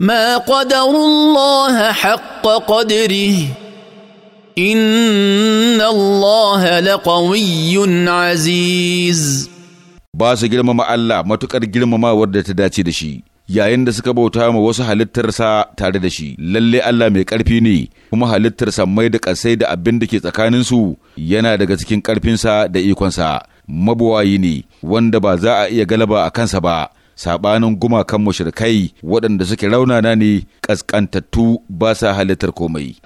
ما قدروا الله حق قدره ان الله لقوي عزيز ba su girmama Allah matukar girmamawar da ta dace da shi yayin da suka bauta ma wasu halittarsa tare da shi lalle Allah mai ƙarfi ne kuma halittarsa mai da ƙasai da abin da ke tsakaninsu yana daga cikin ƙarfinsa da ikonsa mabuwayi ne wanda ba za a iya galaba a kansa ba sabanin gumakan mushrikai waɗanda suke raunana ne ƙasƙantattu ba sa halittar komai